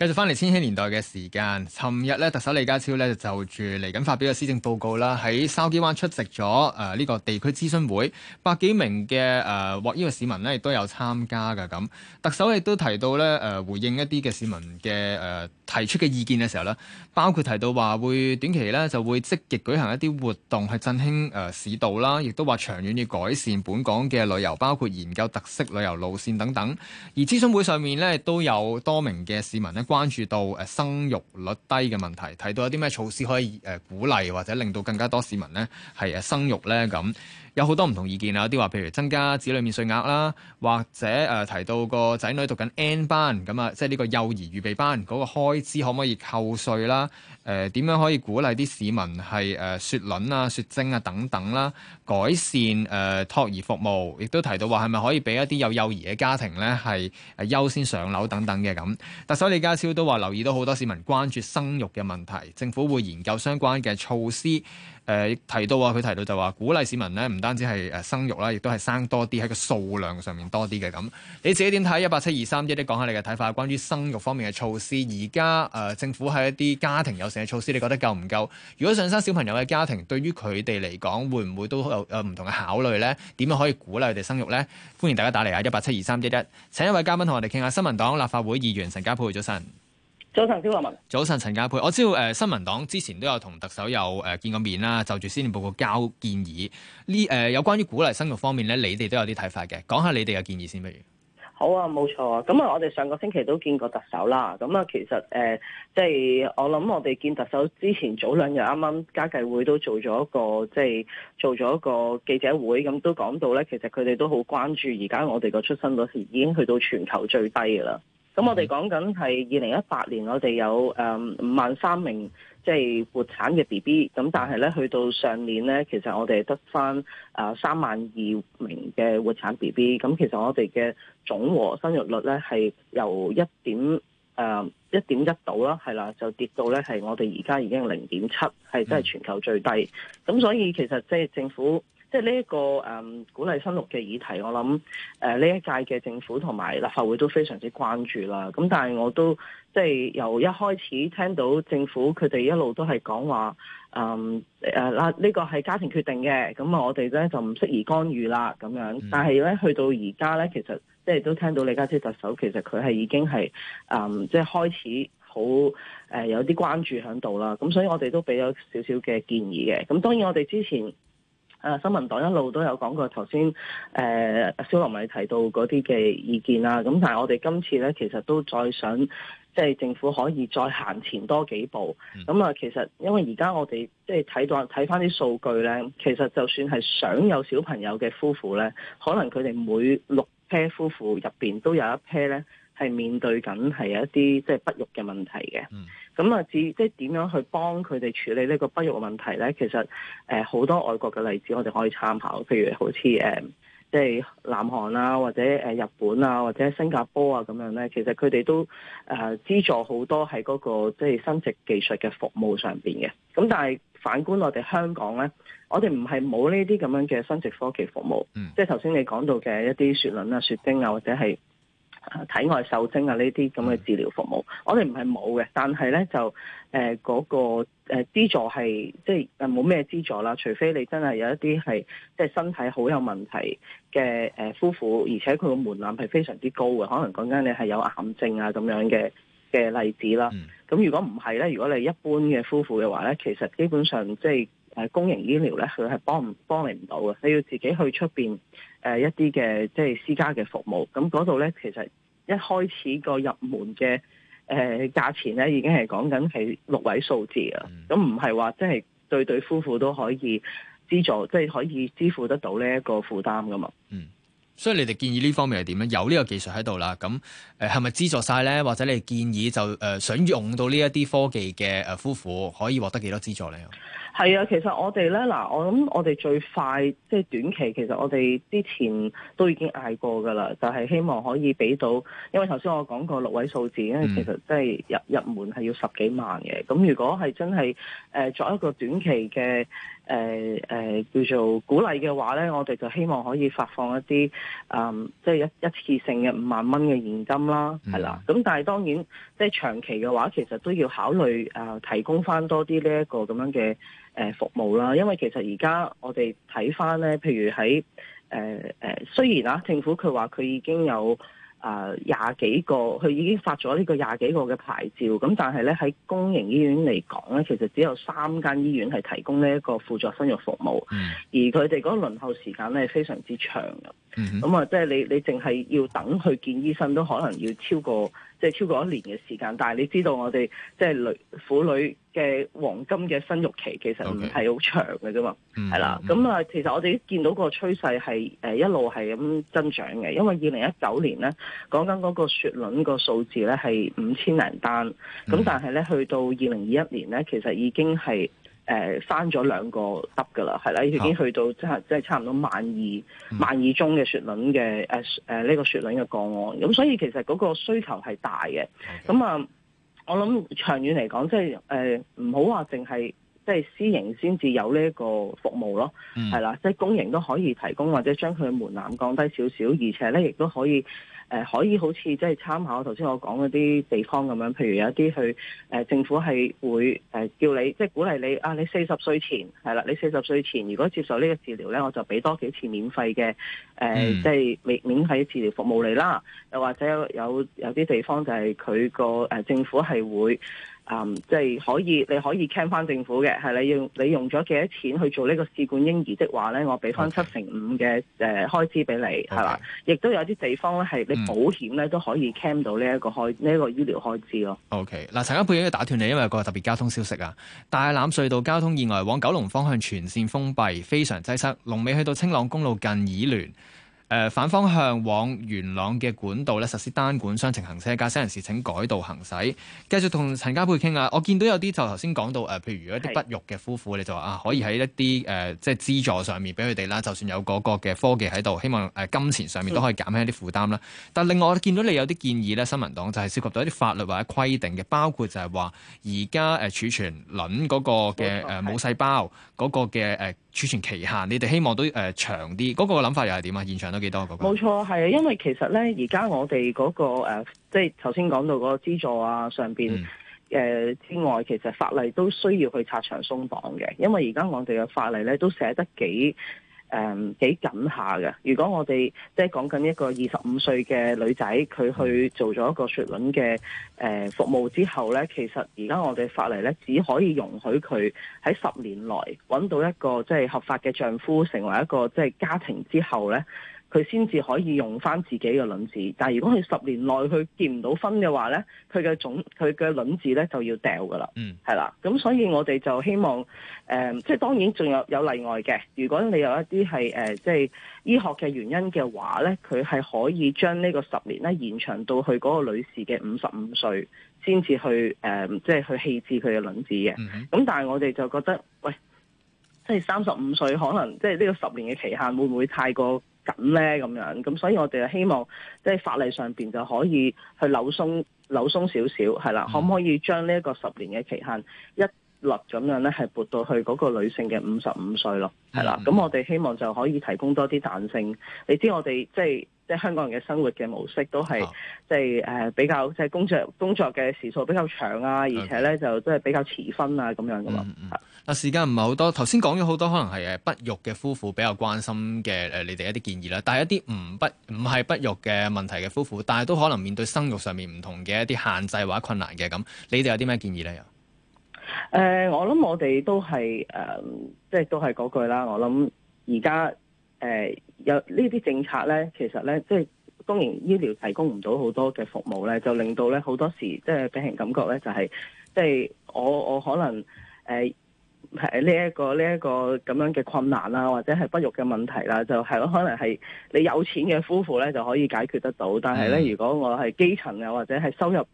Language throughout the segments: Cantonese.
繼續翻嚟千禧年代嘅時間，尋日呢特首李家超呢就住嚟緊發表嘅施政報告啦，喺筲箕灣出席咗誒呢個地區諮詢會，百幾名嘅誒獲邀嘅市民呢亦都有參加嘅咁。特首亦都提到呢，誒、呃，回應一啲嘅市民嘅誒、呃、提出嘅意見嘅時候呢，包括提到話會短期呢就會積極舉行一啲活動去振興誒、呃、市道啦，亦都話長遠要改善本港嘅旅遊，包括研究特色旅遊路線等等。而諮詢會上面咧都有多名嘅市民咧關注到誒生育率低嘅問題，睇到一啲咩措施可以誒鼓勵或者令到更加多市民咧係誒生育咧咁。有好多唔同意見啊！有啲話，譬如增加子女免稅額啦，或者誒、呃、提到個仔女讀緊 N 班咁啊、呃，即係呢個幼兒預備班嗰、那個開支可唔可以扣稅啦？誒、呃、點樣可以鼓勵啲市民係誒、呃、雪輪啊、雪精啊等等啦，改善誒、呃、托兒服務，亦都提到話係咪可以俾一啲有幼兒嘅家庭咧係誒優先上樓等等嘅咁。特首李家超都話留意到好多市民關注生育嘅問題，政府會研究相關嘅措施。誒、呃、提到啊，佢提到就話鼓勵市民咧，唔單止係誒生育啦，亦都係生多啲喺個數量上面多啲嘅咁。你自己點睇？一八七二三一一講下你嘅睇法，關於生育方面嘅措施。而家誒政府喺一啲家庭友善嘅措施，你覺得夠唔夠？如果想生小朋友嘅家庭，對於佢哋嚟講會唔會都有誒唔同嘅考慮咧？點樣可以鼓勵佢哋生育咧？歡迎大家打嚟啊！一八七二三一一，請一位嘉賓同我哋傾下，新民黨立法會議員陳家珮早晨。早晨，肖文文。早晨，陳家珮。我知道，誒、呃，新民黨之前都有同特首有誒、呃、見過面啦。就住施政報告交建議，呢誒、呃、有關於鼓勵生育方面咧，你哋都有啲睇法嘅。講下你哋嘅建議先，不如。好啊，冇錯啊。咁啊，我哋上個星期都見過特首啦。咁啊，其實誒，即係我諗，我哋見特首之前早兩日，啱啱家計會都做咗一個，即係做咗一個記者會，咁都講到咧。其實佢哋都好關注，而家我哋個出生率已經去到全球最低噶啦。咁我哋講緊係二零一八年我，我哋有誒五萬三名即係、就是、活產嘅 B B，咁但係咧去到上年咧，其實我哋得返誒三萬二名嘅活產 B B，咁其實我哋嘅總和生育率咧係由一點誒一、uh, 點一度啦，係啦，就跌到咧係我哋而家已經零點七，係真係全球最低。咁、嗯、所以其實即係政府。即係呢一個誒、嗯、鼓勵生育嘅議題，我諗誒呢一屆嘅政府同埋立法會都非常之關注啦。咁但係我都即係由一開始聽到政府佢哋一路都係講話誒誒啦，呢、嗯呃這個係家庭決定嘅。咁啊，我哋咧就唔適宜干預啦。咁樣，但係咧去到而家咧，其實即係都聽到李家超特首其實佢係已經係誒、嗯、即係開始好誒、呃、有啲關注喺度啦。咁所以我哋都俾咗少少嘅建議嘅。咁當然我哋之前。誒、啊，新民黨一路都有講過頭先，誒，蕭羅米提到嗰啲嘅意見啦。咁但係我哋今次咧，其實都再想，即係政府可以再行前多幾步。咁啊、嗯嗯，其實因為而家我哋即係睇到睇翻啲數據咧，其實就算係想有小朋友嘅夫婦咧，可能佢哋每六 pair 夫婦入邊都有一 pair 咧，係面對緊係有一啲即係不育嘅問題嘅，咁啊、嗯，至於即係點樣去幫佢哋處理呢個不育問題咧？其實誒好多外國嘅例子，我哋可以參考，譬如好似誒、呃、即係南韓啊，或者誒日本啊，或者新加坡啊咁樣咧。其實佢哋都誒、呃、資助好多喺嗰個即係生殖技術嘅服務上邊嘅。咁但係反觀我哋香港咧，我哋唔係冇呢啲咁樣嘅生殖科技服務，嗯、即係頭先你講到嘅一啲雪卵啊、雪精啊，或者係，體外受精啊呢啲咁嘅治療服務，嗯、我哋唔係冇嘅，但係咧就誒嗰、呃嗰個誒、呃、資助係即係冇咩資助啦，除非你真係有一啲係即係身體好有問題嘅誒、呃、夫婦，而且佢個門檻係非常之高嘅，可能講緊你係有癌症啊咁樣嘅嘅例子啦。咁、嗯、如果唔係咧，如果你一般嘅夫婦嘅話咧，其實基本上即係。誒，公營醫療咧，佢係幫唔幫你唔到嘅，你要自己去出邊誒一啲嘅、呃，即係私家嘅服務。咁嗰度咧，其實一開始個入門嘅誒價錢咧，已經係講緊係六位數字啦。咁唔係話即係對對夫婦都可以資助，即係可以支付得到呢一個負擔噶嘛。嗯，所以你哋建議呢方面係點咧？有呢個技術喺度啦，咁誒係咪資助晒咧？或者你哋建議就誒想用到呢一啲科技嘅誒夫婦，可以獲得幾多資助咧？係啊，其實我哋咧，嗱，我諗我哋最快即係短期，其實我哋之前都已經嗌過㗎啦，就係、是、希望可以俾到，因為頭先我講過六位數字，因為、嗯、其實即係入入門係要十幾萬嘅，咁如果係真係誒、呃、作一個短期嘅。誒誒、呃呃，叫做鼓勵嘅話咧，我哋就希望可以發放一啲，嗯、呃，即係一一次性嘅五萬蚊嘅現金啦，係、mm hmm. 啦。咁但係當然，即係長期嘅話，其實都要考慮啊、呃，提供翻多啲呢一個咁樣嘅誒服務啦。因為其實而家我哋睇翻咧，譬如喺誒誒，雖然啊，政府佢話佢已經有。啊，廿幾、uh, 個，佢已經發咗呢個廿幾個嘅牌照，咁但係咧喺公營醫院嚟講咧，其實只有三間醫院係提供呢一個輔助生育服務，mm hmm. 而佢哋嗰個輪候時間咧非常之長嘅，咁啊、mm hmm. 嗯，即係你你淨係要等去見醫生都可能要超過。即係超過一年嘅時間，但係你知道我哋即係女婦女嘅黃金嘅生育期其實唔係好長嘅啫嘛，係啦，咁啊，其實我哋見到個趨勢係誒一路係咁增長嘅，因為二零一九年咧講緊嗰個雪卵個數字咧係五千零單，咁、mm hmm. 但係咧去到二零二一年咧，其實已經係。誒翻咗兩個得㗎啦，係啦，已經去到即係即係差唔多萬二萬二宗嘅雪卵嘅，誒誒呢個雪卵嘅個案，咁所以其實嗰個需求係大嘅，咁啊 Okay.，我諗長遠嚟講，即係誒唔好話淨係。呃即係私營先至有呢一個服務咯，係啦、嗯，即係公營都可以提供或者將佢門檻降低少少，而且咧亦都可以誒、呃，可以好似即係參考頭先我講嗰啲地方咁樣，譬如有一啲去誒、呃、政府係會誒、呃、叫你，即係鼓勵你啊，你四十歲前係啦，你四十歲前如果接受呢個治療咧，我就俾多幾次免費嘅誒，呃嗯、即係免免費治療服務你啦。又或者有有有啲地方就係佢個誒政府係會。即係、um, 可以，你可以 claim 翻政府嘅，係你要你用咗幾多錢去做呢個試管嬰兒的話呢，我俾翻七成五嘅誒開支俾你，係啦 Okay.，亦都有啲地方咧係你保險咧都可以 claim 到呢一個開呢一、這個醫療開支咯。OK，嗱、呃、陳家珮應該打斷你，因為有個特別交通消息啊，大欖隧道交通意外往九龍方向全線封閉，非常擠塞，龍尾去到青朗公路近已亂。誒、呃、反方向往元朗嘅管道咧實施單管雙程行車，駕駛人士請改道行駛。繼續同陳家珮傾啊，我見到有啲就頭先講到誒、呃，譬如如果一啲不育嘅夫婦，你就話啊，可以喺一啲誒、呃、即係資助上面俾佢哋啦。就算有嗰個嘅科技喺度，希望誒金錢上面都可以減輕一啲負擔啦。的但另外我見到你有啲建議咧，新民黨就係涉及到一啲法律或者規定嘅，包括就係話而家誒儲存卵嗰個嘅誒母細胞嗰個嘅誒儲存期限，你哋希望都誒、呃、長啲。嗰、嗰個諗法又係點啊？現場冇錯，係啊，因為其實咧，而家我哋嗰、那個、呃、即係頭先講到嗰個資助啊，上邊誒之外，其實法例都需要去拆牆鬆綁嘅。因為而家我哋嘅法例咧都寫得幾誒、呃、幾緊下嘅。如果我哋即係講緊一個二十五歲嘅女仔，佢去做咗一個雪卵嘅誒服務之後咧，其實而家我哋法例咧只可以容許佢喺十年內揾到一個即係、就是、合法嘅丈夫，成為一個即係、就是、家庭之後咧。佢先至可以用翻自己嘅卵子，但係如果佢十年內佢結唔到婚嘅話咧，佢嘅總佢嘅卵子咧就要掉噶啦，嗯、mm，係、hmm. 啦。咁所以我哋就希望，誒、呃，即係當然仲有有例外嘅。如果你有一啲係誒，即係醫學嘅原因嘅話咧，佢係可以將呢個十年咧延長到去嗰個女士嘅五十五歲先至去誒、呃，即係去棄置佢嘅卵子嘅。咁、mm hmm. 但係我哋就覺得，喂，即係三十五歲可能即係呢個十年嘅期限會唔會太過？咁咧咁樣，咁所以我哋就希望即係法例上面就可以去扭鬆扭鬆少少，係啦， 可唔可以將呢一個十年嘅期限一律咁樣咧，係撥到去嗰個女性嘅五十五歲咯，係啦，咁、 嗯、我哋希望就可以提供多啲彈性。你知我哋即係。就是即係香港人嘅生活嘅模式都係，即係誒比較即係工作工作嘅時數比較長啊，而且咧就都係比較遲婚啊咁樣噶嘛。嗱、嗯嗯、時間唔係好多，頭先講咗好多可能係誒不育嘅夫婦比較關心嘅誒、呃，你哋一啲建議啦。但係一啲唔不唔係不，不育嘅問題嘅夫婦，但係都可能面對生育上面唔同嘅一啲限制或者困難嘅咁，你哋有啲咩建議咧？又誒、呃，我諗我哋都係誒、呃，即係都係嗰句啦。我諗而家。誒有呢啲政策咧，其實咧即係當然醫療提供唔到好多嘅服務咧，就令到咧好多時即係俾人感覺咧就係即係我我可能誒係呢一個呢一個咁樣嘅困難啦，或者係不育嘅問題啦，就係咯可能係你有錢嘅夫婦咧就可以解決得到，但係咧如果我係基層嘅或者係收入。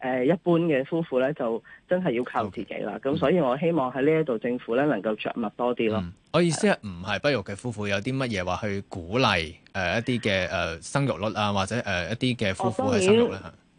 誒一般嘅夫婦咧，就真係要靠自己啦。咁、嗯、所以我希望喺呢一度政府咧能夠着墨多啲咯、嗯。我意思係唔係不育嘅夫婦有啲乜嘢話去鼓勵誒一啲嘅誒生育率啊，或者誒一啲嘅夫婦去生育咧？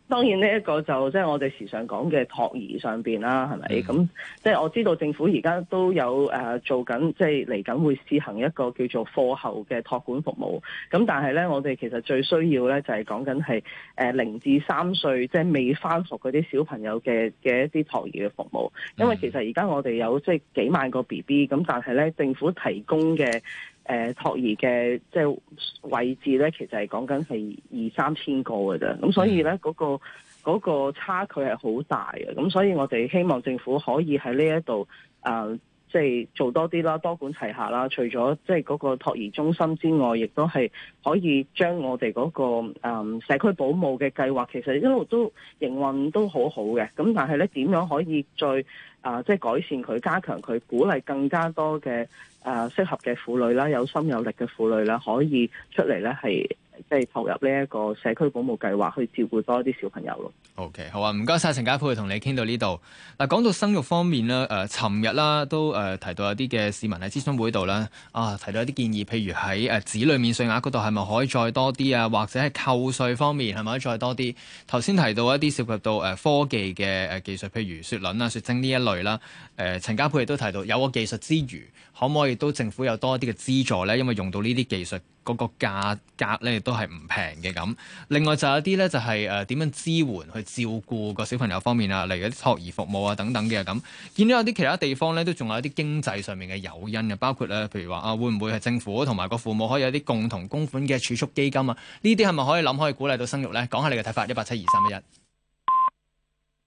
當然呢一個就即係我哋時常講嘅托兒上邊啦，係咪？咁即係我知道政府而家都有誒做緊，即係嚟緊會施行一個叫做課後嘅托管服務。咁但係咧，我哋其實最需要咧就係講緊係誒零至三歲即係未返學嗰啲小朋友嘅嘅一啲托兒嘅服務，因為其實而家我哋有即係幾萬個 B B 咁，但係咧政府提供嘅。誒、呃、托兒嘅即係位置咧，其實係講緊係二三千個嘅啫，咁所以咧嗰、嗰個嗰個差距係好大嘅，咁所以我哋希望政府可以喺呢一度啊。呃即係做多啲啦，多管齊下啦。除咗即係嗰個託兒中心之外，亦都係可以將我哋嗰個、誒、社區保姆嘅計劃，其實一路都營運都好好嘅。咁但係呢點樣可以再啊，即、呃、係、即係、改善佢、加強佢、鼓勵更加多嘅啊、呃、適合嘅婦女啦，有心有力嘅婦女啦，可以出嚟呢係。即係投入呢一個社區保姆計劃，去照顧多啲小朋友咯。OK，好啊，唔該晒陳家珮，同你傾到呢度。嗱，講到生育方面咧，誒、呃，尋日啦都誒提到有啲嘅市民喺諮詢會度啦，啊，提到一啲建議，譬如喺誒子女免稅額嗰度係咪可以再多啲啊？或者係扣稅方面係咪可以再多啲？頭先提到一啲涉及到誒、呃、科技嘅誒技術，譬如雪卵啊、雪精呢一類啦。誒、呃，陳家珮亦都提到，有個技術之餘，可唔可以都政府有多一啲嘅資助咧？因為用到呢啲技術。嗰個價格咧都係唔平嘅咁，另外就有啲咧就係誒點樣支援去照顧個小朋友方面啊，例如啲托兒服務啊等等嘅咁。見到有啲其他地方咧都仲有啲經濟上面嘅誘因啊，包括咧譬如話啊，會唔會係政府同埋個父母可以有啲共同供款嘅儲蓄基金啊？呢啲係咪可以諗可以鼓勵到生育咧？講下你嘅睇法，一八七二三一一。